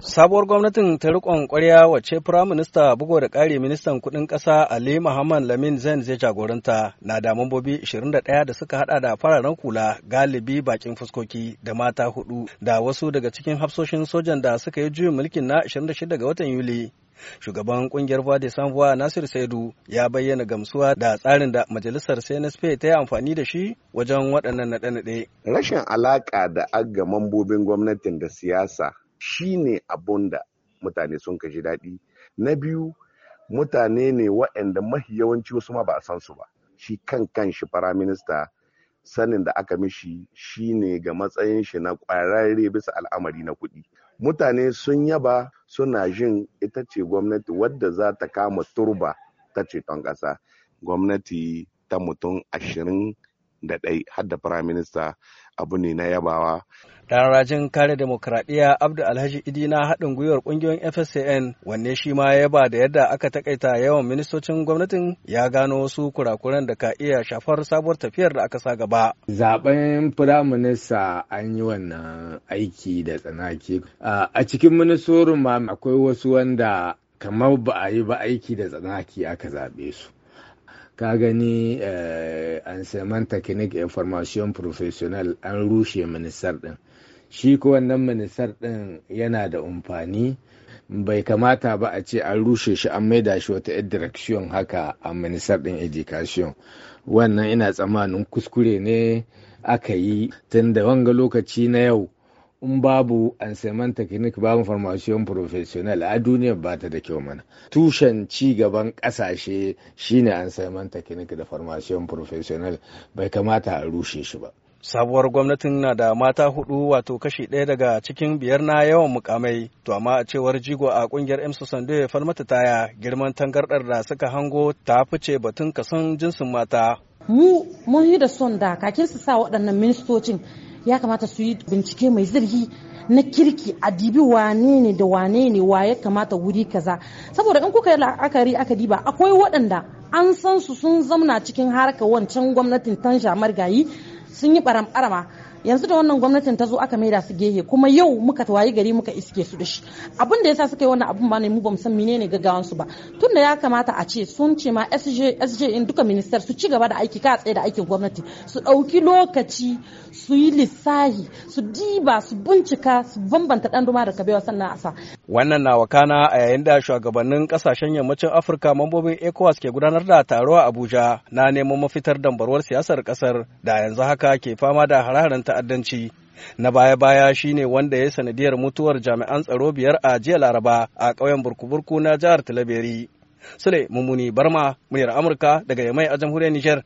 Sabuwar gwamnatin ta riƙon ƙwarya wacce Firaminista bugo da ƙari ministan kuɗin ƙasa Ali Muhammad Lamin Zain zai jagoranta na da mambobi 21 da suka hada da fararen kula galibi bakin fuskoki da mata hudu da wasu daga cikin hafsoshin sojan da suka yi juyin mulkin na 26 ga watan Yuli. Shugaban kungiyar Voix de Nasir Saidu ya bayyana gamsuwa da tsarin da majalisar CNSP ta yi amfani da shi wajen waɗannan naɗe-naɗe. Rashin alaƙa da aga mambobin gwamnatin da siyasa shi ne abun da mutane sun kashi daɗi na biyu mutane ne waɗanda mahi yawanci wasu ma ba a san su ba shi kan kan shi firaminista sanin da aka mishi shi ne ga matsayin shi na ƙwararre bisa al'amari na kuɗi mutane sun yaba suna jin ita ce gwamnati wadda za ta kama turba ta ceton ƙasa gwamnati ta mutum ashirin da ɗai har da firaminista abu ne na yabawa Ɗan rajin kare demokradiyya Abdu Alhaji Idi na haɗin gwiwar ƙungiyoyin FSAN wanne shi ma ya ba da yadda aka takaita yawan ministocin gwamnatin ya gano wasu kurakuran da ka iya shafar sabuwar tafiyar da aka sa gaba. Zaben firaminista an yi wannan aiki da tsanaki. A cikin ministorin ma akwai wasu wanda kamar ba a yi ba aiki da tsanaki aka zaɓe su. ka gani eh, an saman technique information professional an rushe ministar din shi ko wannan ministar din yana da umfani bai kamata ba a ce an rushe shi an mai da shi wata direction haka a ministar din education wannan ina tsammanin kuskure ne aka yi tun da wanga lokaci na yau in babu anseman technique babu formation professional a duniyar ba ta da kyau mana tushen ci gaban kasashe shine anseman technique da formation professional bai kamata a rushe shi ba sabuwar gwamnatin na da mata hudu wato kashi ɗaya daga cikin biyar na yawan mukamai to amma a cewar jigo a kungiyar emsu sando ya ta taya girman tangardar da suka hango ta fice batun kason jinsin mata mu mun yi da son da kakin su sa waɗannan ministocin ya kamata su yi bincike mai zurfi na kirki a dibi wane ne da wane ne wa ya kamata wuri kaza saboda in kuka yi la'akari aka diba akwai waɗanda an san su sun zamna cikin harka wancan gwamnatin tan shamar gayi sun yi ɓaram yanzu da wannan gwamnatin ta zo aka maida su gehe kuma yau muka tawayi gari muka iske su da shi abin da yasa suka yi wannan abun ba ne mu bamu san menene gaggawan su ba tunda ya kamata a ce sun ce ma SJ SJ in duka minister su ci gaba da aiki ka tsaye da aikin gwamnati su dauki lokaci su yi lissahi su diba su bincika su bambanta dan duma da kabewa sannan a sa Wannan na wakana a yayin da shugabannin kasashen yammacin Afirka mambobin ECOWAS ke gudanar da taro a Abuja na neman mafitar dambarwar siyasar kasar da yanzu haka ke fama da hare ta'addanci. Na baya-baya shine wanda ya yi sanadiyar mutuwar jami'an tsaro biyar a jiya Laraba a ƙauyen burku-burku na jihar Talabiri. Sule Mummuni Barma, muryar Amurka daga Yamai a jamhuriyar Nijar.